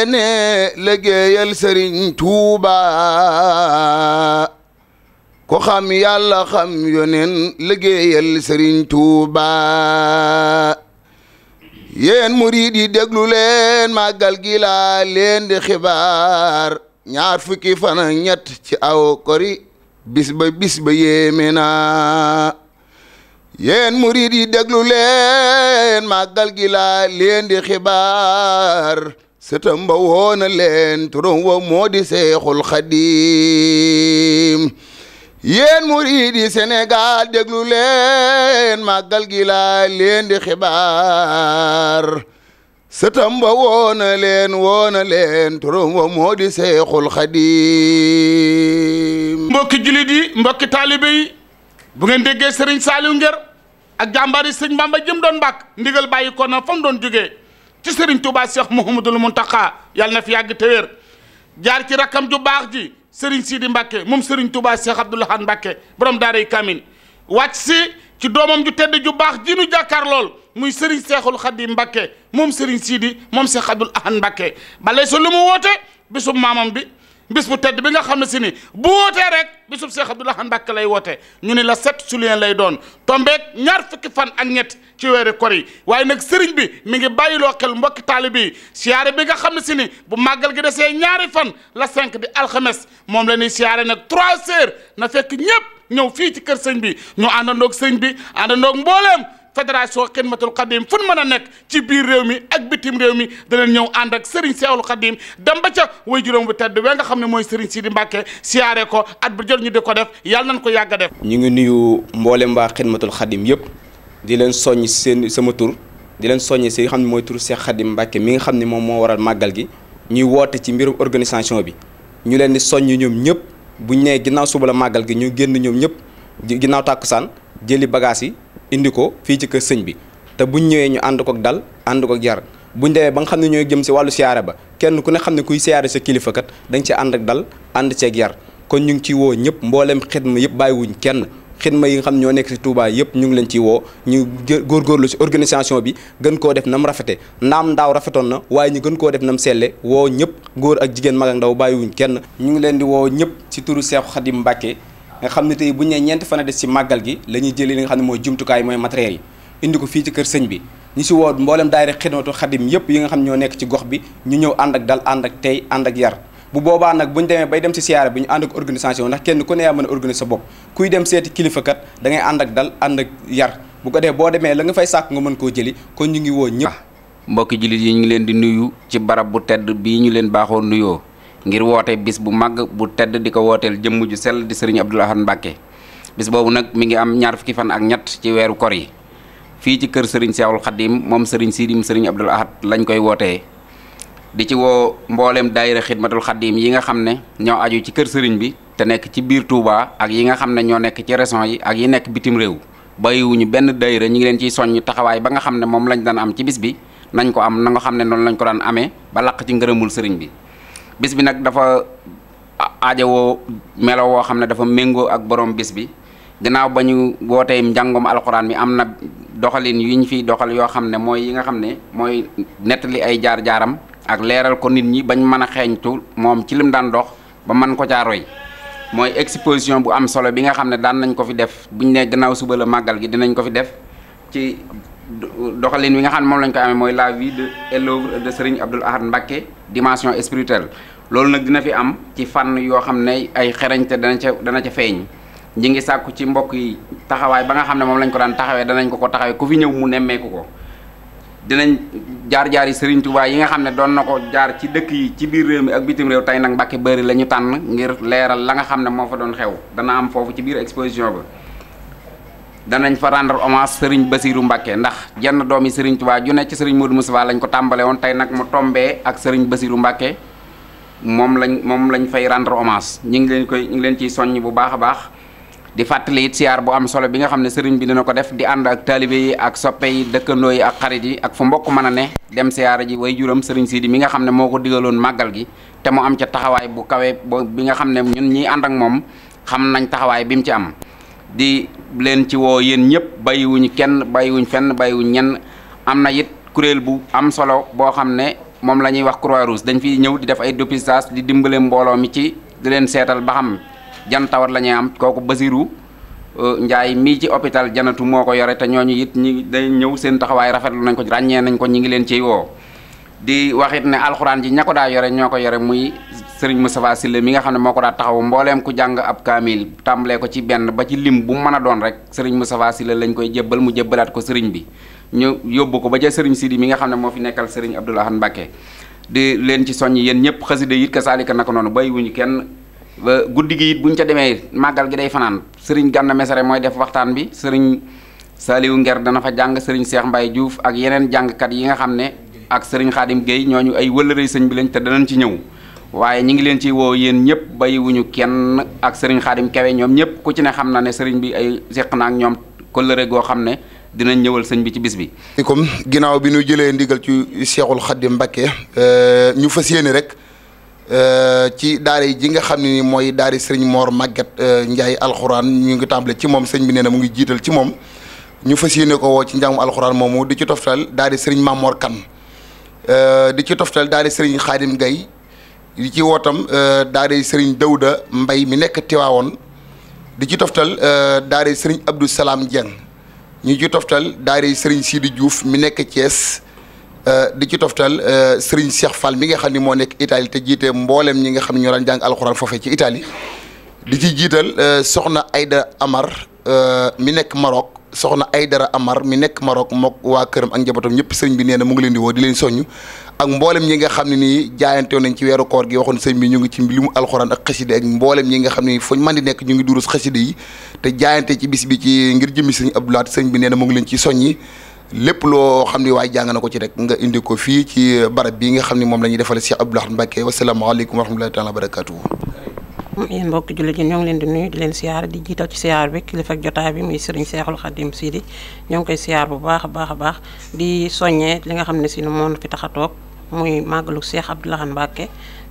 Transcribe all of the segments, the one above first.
yéene liggéeyal sëriñ tuuba ko xam yàlla xam yonen liggéeyal sëriñ tuuba yéen murid yi leen màggal gi laa leen di xibaar ñaar fukki fan ñett ci aw kori bis ba bis ba yéeme leen màggal gi leen di xibaar sëtam ba woona leen turam wa moo di seexul xadiim yéen murid yi Sénégal déglu leen màggal gi leen di xibaar sëtam ba woona leen woona leen turam wa moo di seexul xadiim mbokki jullit yi mbokki taalibe yi bu ngeen déggee sëriñ Saaliw Nger ak jàmbaari sëñ Bamba jëm doon mbak ndigal bàyyi ko na fa mu doon jógee ci sëriñ Touba Cheikh Mouhamadul Mountakha yàlla na fi yàgg te jaar ci rakkam ju baax ji sëriñ Sidi Mbacke moom sëriñ Touba Cheikh Abdoul Ahad Mbacke borom daaray Kamin wàcc si ci doomam ju tedd ju baax ji nu jàkkaar lool muy sëriñ Seexul Xadim Mbacke moom sëriñ Sidi moom Cheikh Abdoul Ahad Mbacke bale su lu mu woote bisum maamam bi. bis bu tedd bi nga xam ne si ni bu wootee rek bisub Cheikh Abdou Lahad Mbacké lay woote ñu ni la sept juillet lay doon tombeek ñaar fukki fan ak ñett ci weeri kor yi waaye nag sëriñ bi mi ngi bàyyiloo xel mbokki taalibe yi siyaare bi nga xam ne si ni bu màggal gi desee ñaari fan la cinq bi alxames moom la ñuy siyaare nag trois heures na fekk ñëpp ñëw fii ci kër sëñ bi ñu àndandoog sëñ bi àndandoog mbooleem fédération xidmatul xadim fu mën a nekk ci biir réew mi ak bitim réew mi danañ ñëw ànd ak Serigne Seexul Xadim dem ba ca way juróom bu tedd we nga xam ne mooy Serigne Sidi Mbacke siyaare ko at bu jot ñu di ko def yàlla nañ ko yàgg a def. ñu ngi nuyu mboolem waa xidmatul xadim yëpp di leen soññ seen sama tur di leen soññ si xam ne mooy tur Seex Xadim Mbacke mi nga xam ni moom moo waral màggal gi ñuy woote ci mbiru organisation bi ñu leen di soññ ñoom ñëpp buñ nee ginnaaw suba màggal gi ñu génn ñoom ñëpp ginnaaw tàkkusaan jëli bagage yi indi ko fii ci kër sëñ bi te buñ ñëwee ñu ànd ko dal ànd ko yar buñ demee ba nga xam ne ñooy jëm si wàllu siyaare ba kenn ku ne xam ne kuy siyaare sa kilifa kat dañ ci ànd ak dal ànd ceeg yar kon ñu ngi ciy woo ñëpp mboolem xidma yëpp bàyyiwuñ kenn xidma yi nga xam ñoo nekk ci Touba yëpp ñu ngi leen ciy woo ñu góorgóorlu ci organisation bi gën koo def nam rafete naam ndaaw rafetoon na waaye ñu gën koo def nam selle woo ñëpp góor ak jigéen mag ak ndaw bàyyiwuñ kenn ñu ngi di woo ñëpp ci turu Seexu Xadim Mbàkke nga xamni tay buñ né ñent fa na dess ci magal gi la jël li nga xamni moy mooy jumtukaay moy matériel yi indi ko fi ci kër sëñ bi ñu ci woo mbolam daayira xidmatu khadim yépp yi nga xamni ño nekk ci gox bi ñu ñëw and ak dal and ak tay and ak yar bu boba nak buñ démé bay dem si siara bi and ak organisation nak kenn ku ne ya mëna organiser bop kuy dem séti kilifa kat da ngay and ak dal and ak yar bu ko dé bo démé la nga fay sak nga mën ko jëli kon ñu ngi wo ñëpp mbokk jullit yi ñu ngi leen di nuyu ci barab bu tedd bi ñu leen baxoon nuyoo ngir wote bis bu mag bu tedd di wotel jëm ju sel di serigne Abdoul Ahad bis bobu nak mi ngi am ñaar fukki fan ak ñatt ci wéru kor yi fi ci kër serigne cheikhul khadim mom serigne Sidim serigne Abdoul Ahad lañ koy wote di ci wo mbollem daaira khidmatul khadim yi nga xamne ne aju ci kër serigne bi te nek ci bir Touba ak yi nga xamne ño nek ci région yi ak yi nek bitim réew bàyyiwuñu ben daaira ñi ngi ci ciy soññ taxaway ba nga xamne ne lañ dan am ci bis bi nañ ko am na nga xamne ne lañ ko dan amé ba laq ci serigne bi bis bi nak dafa wo melo wo xamne dafa mengo ak borom bis bi ginaaw bañu wote wootee alquran mi amna doxalin yu fi doxal yo xamne moy yi nga xamne moy netali ay jaar-jaaram ak leeral ko nit ñi bañ mëna a xeeñtu ci lim daan dox ba man ko caa roy moy exposition bu am solo bi nga xamne daan nañ ko fi def buñ ne ginaaw suba la magal gi dinañ ko fi def ci doxalin wi nga xamne mom lañ ko amé moy la vie de et l'œuvre de Serigne Abdoul Ahad Mbacké dimension spirituelle loolu nag dina fi am ci fànn yoo xam ne ay xerañte dana ca dana ca feeñ ñi ngi sàkku ci mbokk yi taxawaay ba nga xam ne moom lañ ko daan taxawee danañ ko ko taxawee ku fi ñëw mu nemmeeku ko dinañ jaar-jaar yi Serigne Touba yi nga xam ne doon na ko jaar ci dëkk yi ci biir réew mi ak bitim réew tey nag Mbàkke Bari la ñu tànn ngir leeral la nga xam ne moo fa doon xew dana am foofu ci biir exposition ba nañ fa rendre hommage Serigne basirou Mbacké ndax jenn doomi Serigne Touba ju ne ci Serigne Modou Moustapha lañ ko tambalé won tay nak mu tombé ak Serigne basirou Mbacké mom lañ mom lañ fay rendre hommage ñi ngi leen koy ñi ngi leen ci soñ bu baax baax di fatali it siyaar bu am solo bi nga xamne serigne bi dina ko def di and ak talibé yi ak soppé yi dëkkandoo yi ak xarit yi ak fu mbokk mëna né dem siar ji way juram serigne Sidi mi nga xamne moko moo ko digaloon gi té mo am ci taxaway bu kawe bi nga xamne ñun ñi and ak mom xam nañ taxaway bi mu ci am di leen ci woo yéen ñëpp bàyyiwuñ kenn bàyyiwuñ fenn bàyyiwuñ ñenn am na it kuréel bu am solo boo xam ne moom la ñuy wax Croix-Rouge dañ fiy ñëw di def ay dépistage di dimbale mbooloo mi ci di leen seetal ba xam jan tawat la ñuy am kooku Basiru euh, Njaay mii ci hôpital janatu moo ko yore te ñooñu it ñi day ñëw seen taxawaay rafetlu nañ ko ràññee nañ ko ñi ngi leen ciy woo di waxit ne Al ji ñako da daa yore ñoo yore muy serigne Moustapha sile mi nga xamne moko da taxaw mbollem ku jang ab kamil tàmbalee ko ci benn ba ci lim bu mëna doon rek serigne Moustapha sile lañ koy jébal mu jébalat ko serigne bi ñu yobbu ko ba ca serigne Sidi mi nga xamne mo fi nekkal serigne han di len ci soñ yeen ñepp xasida it ka saalika naka bay wuñu kenn guddi gi it buñ ca démé magal gi day fanan serigne ganna Messere moy def waxtaan bi serigne saliw ngar dana fa jang serigne Cheikh Mbaye Diouf ak jang kat yi nga xamne ak sëriñ Xaadim Guèye ñooñu ay wëllërey sëñ bi lañ te danañ ci ñëw waaye ñi ngi leen ci woo yéen ñëpp bàyyiwuñu kenn ak sëriñ Xaadim Kawe ñoom ñëpp ku ci ne xam na ne sëriñ bi ay seq na ak ñoom kóllëre goo xam ne dinañ ñëwal sëñ bi ci bis bi. comme ginnaaw bi ñu jëlee ndigal ci Seexul Xaadim Mbakke euh, ñu fas yéene rek euh, ci daara ji nga xam ne ni mooy daara sëriñ Mor Maguette euh, Ndiaye alxuraan ñu ngi tàmbale ci moom sëñ bi nee na mu ngi jiital ci moom. ñu fas yéene ko woo ci njàngum alxuraan moomu di ci toftal daal di sëriñ mamoor Kan Euh, di ci toftal daara Serigne Khadim Gaye di ci wootam euh, daara Serigne Dawda Mbay mi nekk Tiwaawoon di ci toftal euh, daara Serigne Abdou Salam Dieng ñu ci toftal daara Serigne Sidi Diouf mi nekk Thiès di ci toftal Serigne Cheikh Fall mi nga xam ni moo nekk Italie te jiite mboolem ñi nga xam ne ñoo jàng alxuraan foofee ci itali di ci jiital soxna Aida Amar mi nekk Maroc. soxna Aydara Amar mi nekk Maroc mook waa këram ak njabootam ñëpp sëñ bi nee na mu ngi leen di woo di leen soññ ak mboolem ñi nga xam ne nii jaayante nañ ci koor gi waxoon sëñ bi ñu ngi ci limu alxuraan ak xaside ak mboolem ñi nga xam ne fuñ mën di nekk ñu ngi durus xaside yi te jaayante ci bis bi ci ngir jëmmi sëñ Abdoulaat sëñ bi nee na mu ngi leen ci soññi lépp loo xam ne waaye jàng na ko ci rek nga indi ko fii ci barab bi nga xam ne moom la ñuy defale Cheikh Abdoulaat Mbacké wasalaamaaleykum wa rahmatullahi taala wa barakatuhu yéen mbokki jullit yi ñoo ngi leen di nuyu di leen siyaar di jiital ci siyaar bi kilifa ak jotaay bi muy sëriñ seexul xadim Sidi ñoo ngi koy siyaar bu baax a baax a baax di soññee li nga xam ne si moom fi tax a toog muy màggalu Seex Abdou Lahad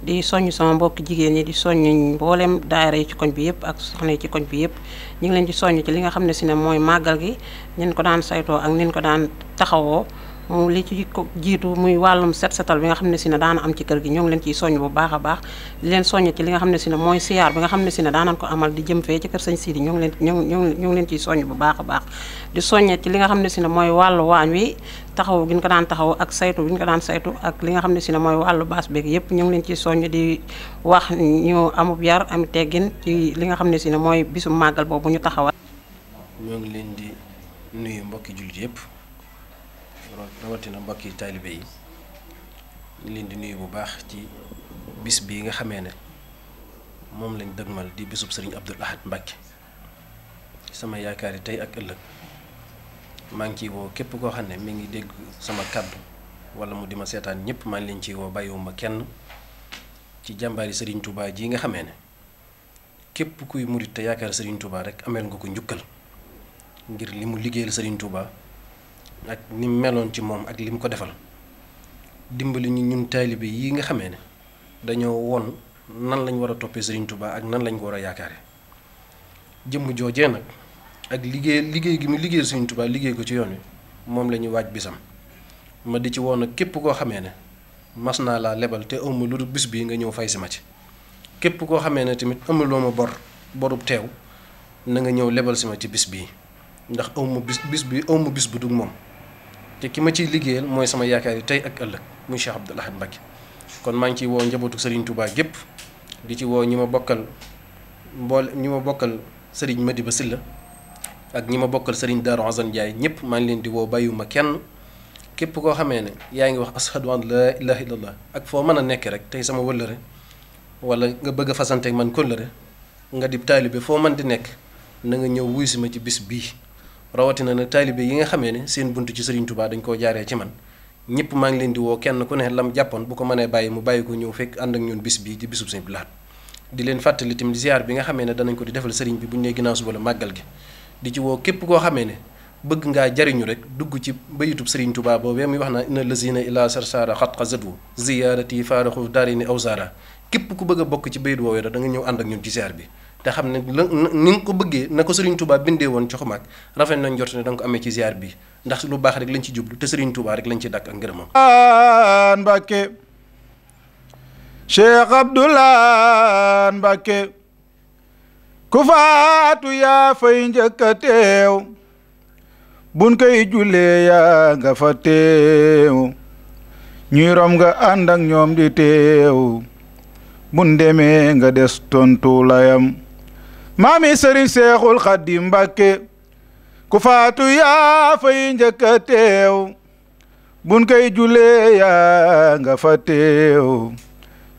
di soññ sama mbokki jigéen ñi di soññ mboolem daayira ci koñ bi yëpp ak soxna ci koñ bi yëpp ñu ngi leen di soññ ci li nga xam ne si mooy màggal gi nin ko daan saytoo ak nin ko daan taxawoo li ci ko jiitu muy wàllum set setal bi nga xam ne si na daana am ci kër gi ñoo ngi leen ciy soññ bu baax a baax di leen soññ ci li nga xam ne si ne mooy siyaar xam ne si ne daanañ ko amal di jëm fee ci kër ñoo ngi ñoo ngi ñoo ngi leen ciy baax a baax li nga xam ne si ne mooy wàllu waañ wi taxaw gi ko daan taxaw ak saytu gi ñu ko daan saytu ak li nga xam ne si ne mooy wàllu baas beeg yépp ñu ngi leen ciy soññ di wax ñu amub yar am teggin ci li nga xam ne si ne mooy bisu màggal boobu ñu taxawal ñoo ngi leen di nuyu mbokki jullit yépp rawatina mbokki taalibe yi ñu leen di nuyu bu baax ci bis bii nga xamee ne moom lañ dëgmal di bisub sëriñ Abdoul Ahad Mbacke sama yaakaar yi tey ak ëllëg maa ngi ciy woo képp koo xam ne mi ngi dégg sama kàddu wala mu di ma seetaan ñëpp maa ngi leen ciy woo bàyyiwuma kenn ci jàmbaari sëriñ Touba ji nga xamee ne képp kuy murit te yaakaar sëriñ Touba rek ameel nga ko njukkal ngir li mu liggéeyal sëriñ Touba. ak ni mu meloon ci moom ak li mu ko defal dimbali ñu ñun taalibe yi nga xamee ne dañoo won nan lañ war a toppee Serigne tubaa ak nan lañu war a yaakaare jëmm joojee nag ak liggéey liggéey gi mu liggéey Serigne Touba liggéey ko ci yoon wi moom la ñuy waaj bisam ma di ci woon ak képp koo xamee ne mas naa laa lebal te ëmb lu bis bii nga ñëw fay si ma ci képp koo xamee ne tamit ëmbaloo ma bor borub teew na nga ñëw lebal si ma ci bis bii ndax ëmb bis bis bi ëmb bis bu dug moom. te ki ma ciy liggéeyal mooy sama yaakaar yi tey ak ëllëg muy Cheikh Abdoul Ahad Mbacké kon maa ngi ciy woo njabootu Serigne Touba gépp di ci woo ñi ma bokkal mbool ñi ma bokkal Serigne Madiba Silla ak ñi ma bokkal Serigne Darou Assane Ndiaye ñëpp maa ngi leen di woo ma kenn képp koo xamee ne yaa ngi wax ashadu an laa ilaha illallah ak foo mën a nekk rek tey sama wëllëre wala nga bëgg a fasante man kóllëre nga di taalibe foo man di nekk na nga ñëw wuy si ma ci bis bii rawatina nag taalibe yi nga xamee ne seen bunt ci Serigne Touba dañ koo jaaree ci man ñëpp maa ngi leen di woo kenn ku ne lam jàppoon bu ko mënee bàyyi mu bàyyi ko ñëw fekk ànd ak ñun bis bi di bisub Sëriñ Abdou Lahad di leen fàttali tamit ziar bi nga xamee ne danañ ko di defal sëriñ bi bu ñu nee ginnaaw suba la màggal gi di ci woo képp koo xamee ne bëgg ngaa jariñu rek dugg ci bayitub Sëriñ Touba boobee muy wax naa inna lazina ila sarsara xatqa zadwu ziyaarati faaraxu daarini awsara képp ku bëgg a bokk ci bayit woowee da nga ñëw ànd ak ñun bi te xam ne la ni nga ko bëggee na ko Serigne Touba bindee woon ci xumaag rafet nañ jot ne da ko amee ci ziar bi ndax lu baax rek lañ ci jublu te Serigne Touba rek lañ ci dakk ak ngërëmam Mbacké Cheikh Abdoulaye Mbacké ku faatu yaa fay njëkk teew buñ koy jullee yaa nga fa teew ñuy rom nga ànd ak ñoom di teew bun demee nga des tontu Mami sering seexul khadim bakke ku faatu yaa fay njëkk bun kay julee ya nga fa ñi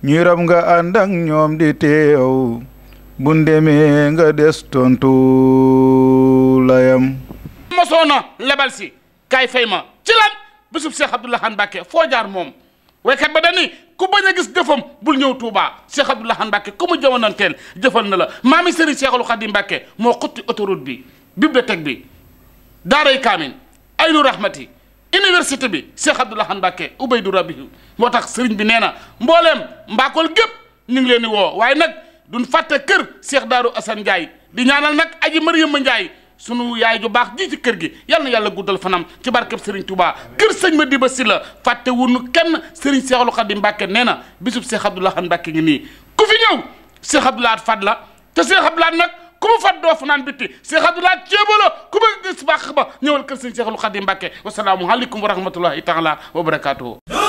ñuy rab nga ànd ak di teew bun demee nga des tontu layam mosoona lebal si kay fayma ci lan bisub cheikh abdullah Lahad bakke fo jaar way ba dañi ku bañ a gis jëfam bul ñëw Touba Cheikh Abdou Lahad Mbacké ku mu jamonoonteel jëfal na la maami Serigne Cheikhul Khadim Mbacké moo xotti autoroute bi bibliothèque bi daaray Kaamil aynu rahmati université bi Cheikh Abdou Lahad Mbacké Ubaydu Rabihu moo tax sëriñ bi nee na mbooleem mbaakool gépp ñu ngi woo waaye nag duñ fàtte kër Cheikh Daaru Assane Ndiaye di ñaanal nag aji Mariama Ndiaye sunu yaay ju baax ji ci kër gi yal na yàlla guddal fanam ci barkeb Serigne Touba kër sëñ ma diba si la fàtte wunu kenn Serigne Seexul Xadim Mbàkke nee na bisub Seex a Lahad Mbàkke ngi nii ku fi ñëw Seex Abdou Lahad fat la te Seex a Lahad nag ku mu fat doo fanaan bitti Seex a Lahad ceebala ku bëgg gis baax ba ñëwal kër sëñ Seexul a Mbàkke wasalaamu aleykum wa rahmatullahi taala wa barakaatuhu